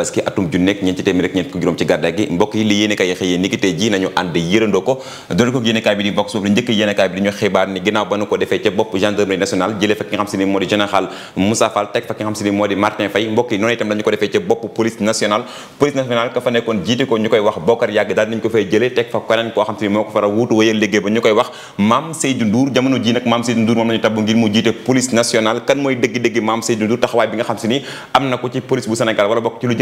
parce que atum junni ñeenti téeméer ak ñeent ko juróom ci gàddaay gi mbokk li yéenekaay yi xëyee niki tey ji nañu ànd yërandoo ko doole ko yéenekaay bi di bokk suuf li njëkk bi di ñu xibaar ni ginnaaw ba nu ko defee ca bopp gendarmerie nationale jëlee fa ki xam si ni moo ko fa nekkoon jiite ko liggéey ba ñu koy wax Mame Seydou Ndour jamono ji nag Mame Seydou Ndour moom lañu tabb ngir mu jiite police nationale kan mooy dëgg-dëgg Mame Seydou Ndour taxawaay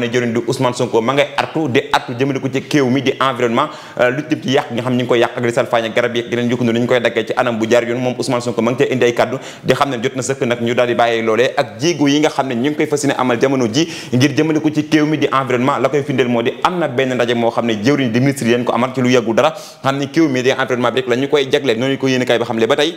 jëriñ di Ousmane Sonko ma artu di artu jëmale ko ci kéew mi di environnement euh, lu jëm ci yàq nga xam ñi ni jot na sëkk nag ñu daal di bàyyi ak jéego yi nga xam ne ñu koy fas amal jamono ji ngir jëmale ko ci kéew mi di environnement la koy findeel moo di am na benn ndaje moo xam ne jëwriñ di ministre yi ko amal ci lu yàggu dara xam ne kéew mi di environnement bi rek la koy jagleel noonu ko yéene kay ba xam le ba tey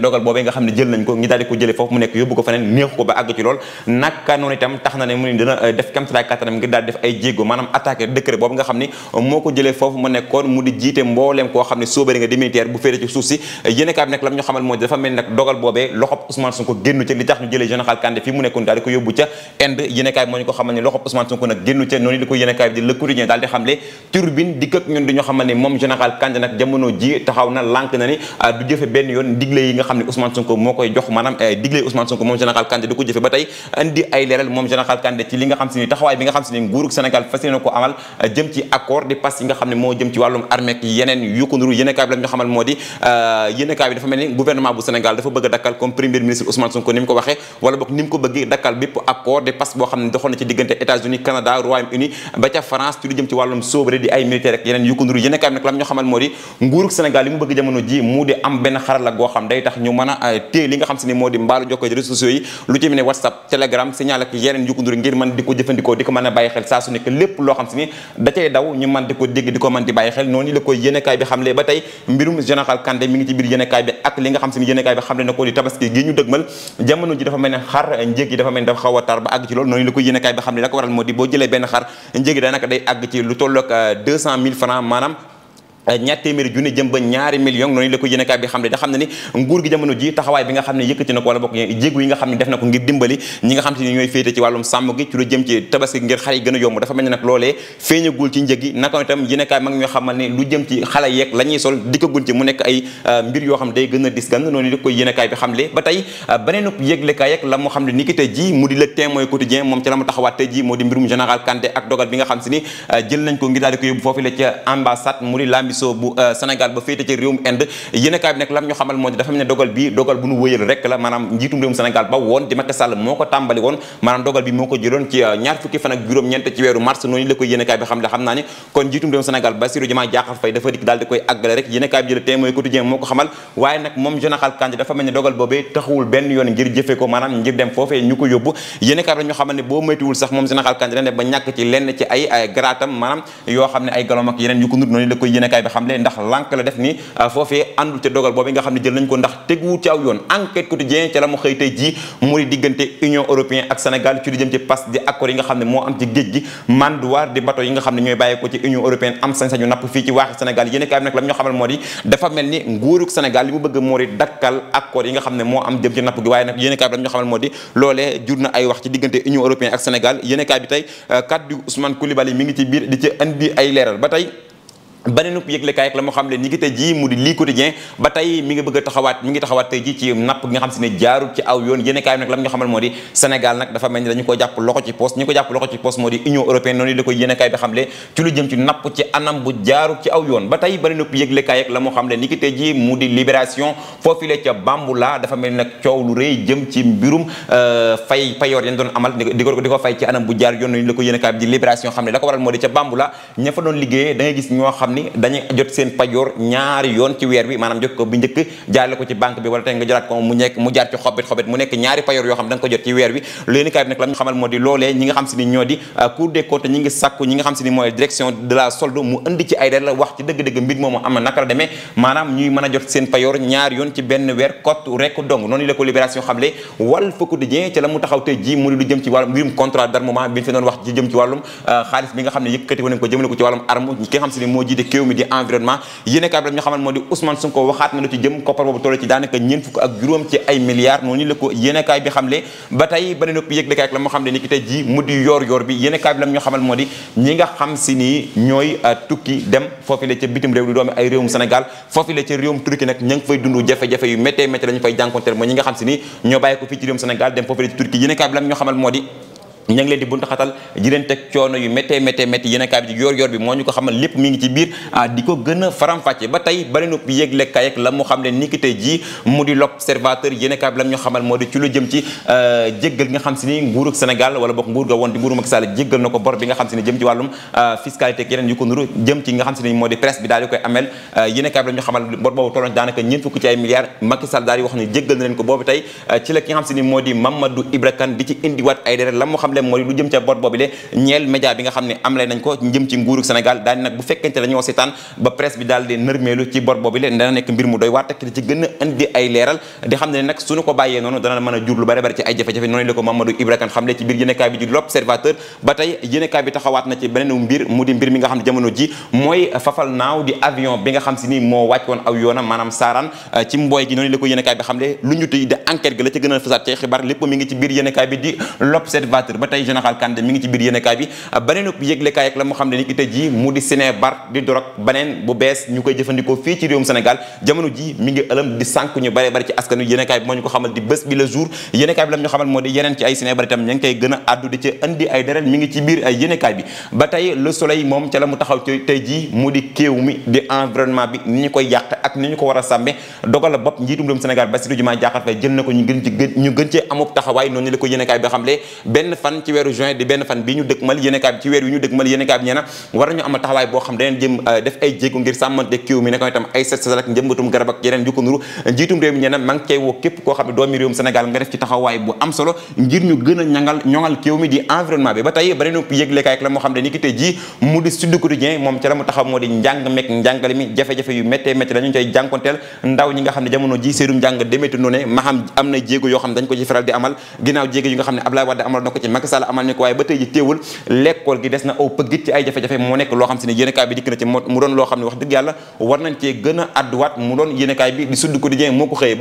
ne dogal boobee nga xam ne jël nañ ko ñi daal ko jële foofu mu nekk yóbbu ko feneen neexu ko ba àgg ci lool naka noonu itam euh, ko jëlee bi di ko ñu di ñu xamal ne moom général Kandé nag jamono ji taxaw na lànk na ni euh, du jëfe benn yoon digle yi nga xam ne Ousmane Sonko moo koy jox maanaam eh, digle Ousmane Sonko moom général Kandé di ko jëfe ba tey indi ay leeral moom général Kandé ci li nga xam si ni taxawaay bi nga xam si ni nguurug Sénégal eh, eh, dafa mel dakkal comme premier ministre Ousmane Sonko ni mu ko waxee wala boog ni mu ko bëggee dakkal bépp accord de passe boo xam ne doxoon ci diggante États-Unis Canada Royaume-Uni ba ca France ci lu jëm ci wàllum sobre di ay militaire ak yeneen yu ñu xamal ñu mën a euh, téye li nga xam si ni moo di mbaalu jokkoo ci réseaux sociaux yi lu ci ne whatsapp telegram signal ak yeneen yu ko ngir mën di ko jëfandikoo di ko mën a bàyyi xel ko dégg di ko mën di bàyyi xel noonu la koy yénekaay bi ngi ci bi ak li nga xam si dafa mel ne xar njëg yi dafa mel ne dafa xaw a tar ba àgg ci loolu noonu la koy yénekaay bi xamle la ko waral moo di boo jëlee benn xar njëg yi daanaka day àgg ci lu tolloog 200 000 francs maanaam Eh, ñaar téeméeri junni jëm ba ñaari million noonu la ko yéenekaay bi xam ne da xam ne ni nguur gi jamono ji taxawaay bi nga xam ne yëkkati na a eh, a eh, taxawaat bi nga xam si ni jël nañ ko ngir daal ko yóbbu foofu la ca ambassade mu di Misso bu euh, Sénégal ba féete ca ci euh, ñaar fukki fan ak bi xam le xam ñu xamal ne boo moytuwul sax moom général Kandji dañ ba ñàkk ci lenn ci ay garaatam maanaam yoo xam ne ay galom yeneen yu ko nut noonu la koy yéenekaay yéenekaay bi xam le ndax lànk la def ni ah, foofee àndul ca dogal boobu nga xam ne jël nañ ko ndax teguwu ci aw yoon enquête quotidien ca la mu xëy tey jii mu di diggante union européenne ak sénégal ci lu jëm ci passe di accord yi nga xam ne moo am ci géej gi manduwaar di bateau yi nga xam ne ñooy bàyyi ko ci union européenne am sañ-sañu napp fii ci waaxi sénégal yéenekaay bi nag la mu ñoo xamal moo di dafa mel ni nguurug sénégal li mu bëgg moo di dakkal accord yi nga xam ne moo am jëm ci napp gi waaye nag yéenekaay bi la mu ñoo xamal moo di loolee jur na ay wax ci diggante union européenne ak sénégal yéenekaay bi tey ah, kaddu Ousmane Koulibaly mi ngi ci biir di ci indi ay leeral ba tey baneenub yëglekaay ak la moo xam ne ñi ngi tey la mu xam le bu jaarul la euh, ko di ci anam bu jaar yoon noonu la ko yéen bi di xam ne la ko waral moo di ca Bambula ña fa doon gis ñoo xam xam ni dañuy jot seen pajoor ñaari yoon ci weer bi maanaam jot ko bu njëkk jaarale ko ci banque bi wala tey nga jot ci weer bi euh, maanaam jot ci jëm ci wàllum euh, xaalis bi nga xam ne yëkkati woon nañ ko jëmale ko ci wàllum arme ki xam si ni moo ji di kéew mi di environnement yéen kaay bi ñu xamal moo di Ousmane Sonko waxaat na lu ci jëm koppar boobu toll ci daanaka ñeent fukk ak juróom ci ay milliards noonu la ko bi xamal moo di ñi nga xam si nii ñooy euh, tukki dem foofu la ca bitim réew di doomi ay réewum Sénégal foofu la ca réewum Turki nag ña fay dund jafe-jafe yu méttee méttee lañu fay jànkonteel mooy ñi nga xam si nii ñoo bàyyi fii ci réewum Sénégal dem foofu la ci ña ngi leen di buntu xatal ji leen teg coono yu méttee méttee métti yéen kaay bi ci yor bi moo ñu ko xamal lépp mi ngi ci biir ah, di ko gën a ba tey banenu yéegle kayak la mu xam ne xamal moo di ci lu ci euh, na ko bor bi nga xam si euh, yu ko nuru jëm ci moo di koy amel euh, yéen bi la xamal bor boobu tolloon daanaka ñeent fukk ci ay milliards Macky daal di wax ne jéggal na leen ko boobu tey ci la ki xam si ni moo di Mamadou Ibra Kane di ci indiwaat ay deret la mu xam problème mooy lu jëm ca bor boobu le ñeel média bi nga xam ne am lay nañ ko jëm ci nguuru Sénégal daal nag bu fekkente dañoo seetaan ba presse bi daal di nërmeelu ci bor boobu le nekk mbir mu a di mbir mi nga xam ne jamono ji mooy fafal naaw di avion bi nga xam si ni moo wàcc woon aw yoonam maanaam saaraan euh, ci mbooy gi noonu la ko yéenekaay bi xam le lu ñu tey de gi la ci gën fasaat ci xibaar lépp mi ngi ci biir yéenekaay bi di l'Observateur ba tey général Kandé mi ngi ci biir yéenekaay bi beneen yëglekaay ak la mu xam ne ji mi ngi ëlëm di bare bari ci askanu yéenekaay bi moo ñu ko xamal di bés bi le jour yéenekaay bi la ñu xamal a addu di biir ay bi ba tey le soleil moom ca la mu taxaw ci tey jii mu di kéew mi di environnement bi ni ñu koy yàq ak ni ñu ko war a sàmme dogal la bopp njiitum réewum Sénégal Bassirou Diomaye Diakhar Faye jël na ko ñu gën ci ñu gën cee amub taxawaay noonu la ko yéenekaay bi xamle benn fan njiitum réew mi nee na ma képp koo xam ne doomi réewum Sénégal nga def ci taxawaay bu am solo ngir ñu gën a ñangal ñoŋal moo taxaw moo di njàng mekk njàngale mi jafe-jafe yu méttee métti la ñu cay jànkonteel ndaw am na jéego yoo xam dañ ko ci di amal ginnaaw jéego yi nga xam ne Abdoulaye Wade amal na ko ci Macky Sall amal ñu ko waaye ba tey ji téewul l'école gi des na aw pëggit ci ay jafe-jafe moo nekk loo xam si ne yéenekaay bi dikk na ci moo ko xëyee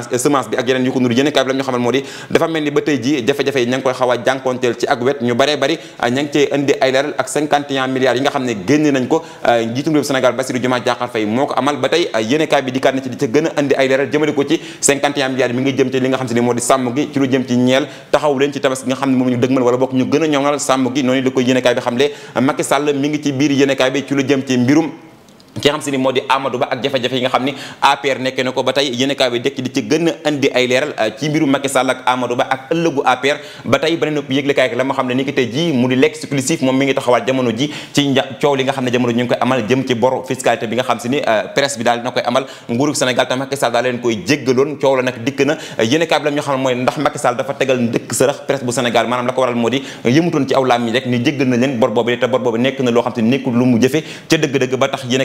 ci ak yeneen ñu xamal moo a jànkonteel ci indi ay leeral ak 51 milliards yi nga xam xam ne génne nañ ko euh, njiitum réew Sénégal Bassirou Diomaye Diakhar Faye moo ko amal ba tey euh, yéenekaay bi di ca gën ci 51 milliards mi ngi ci ci lu jëm ci ñeel taxaw leen ci tabaski nga xam ne moom ñu dëgmal wala bokk ñu gën a sàmm gi noonu la ko yéenekaay bi xam le Macky Sall mi ngi ci biir yéenekaay bi ci lu jëm ci mbirum ki xam si ni moo di Amadou Ba ni ko ba tey yéen a kaay bi dekk di ci gën a indi ay leeral euh, ci mbiru Macky ak Amadou Ba ak ji mu di l'exclusif ci coow li nekk na loo xam si nekkul lu mu jëfe ca dëgg-dëgg ba tax yéen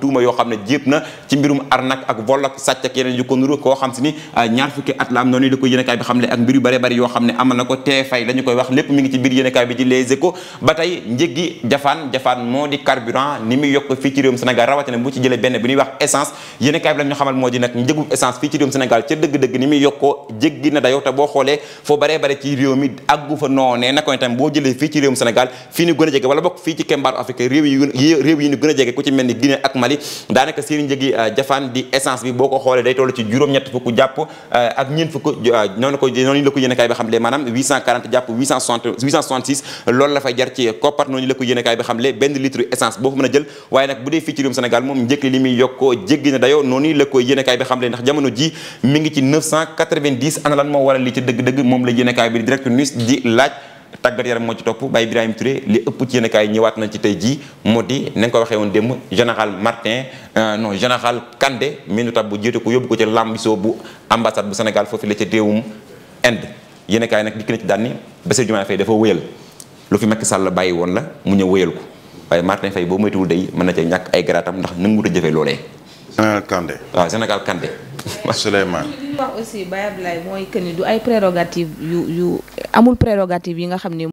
tuuma yoo xam ne jépp na ci mbirum arnaque ak vol sàcc ak yeneen yu ko nuru koo xam si ni euh, ñaar fukki at la am noonu la ko yéenekaay bi xam ne ak mbir yoo xam ne amal na ko teefay la jëlee fii ci réew mi àggu fii ci réewum jege wala bokk fii ci kembaar Afrique réew yi réew yi jege ku ci mel ni Guinée ak Mali Mali daanaka seen njëgi euh, jafaan di essence bi boo ko xoolee day toll ci juróom-ñett fukk jàpp euh, ak ñeent fukk euh, noonu la ko yéenekaay bi xamle maanaam benn litre essence boo ko mën a jël waaye nag bu dee fii Sénégal moom njëkk li muy yokkoo jéggi na dayoo noonu la ko yéenekaay bi xamle ndax jamono ji mi ngi ci 990 ana lan moo waral li ci dëgg-dëgg moom la yéenekaay bi direct news di laaj tàggat yaram moo ci topp Baye Ibrahima Touré li ëpp ci yéenekaay ñëwaat nañ ci tey jii moo di na nga ko waxee woon démb général Martin euh, non général Kandé mi nu bu jiite ko yóbbu ko ca Lambiso bu ambassade bu Sénégal foofu la ca réewum Inde yenekaay nag dikk na ci daan ni Bassirou Diomaye Faye dafa wéyal lu fi Macky Sall bàyyi woon la mu ñëw wéyal ko waaye Martin Faye boo moytuwul day mën na ca ñàkk ay garaatam ndax nanguwut a jëfee loolee. général Kandé waa général Kandé. Souleymane. wax aussi Baye Abdoulaye mooy que ni du ay prérogative yu yu amul prérogative yi nga xam ni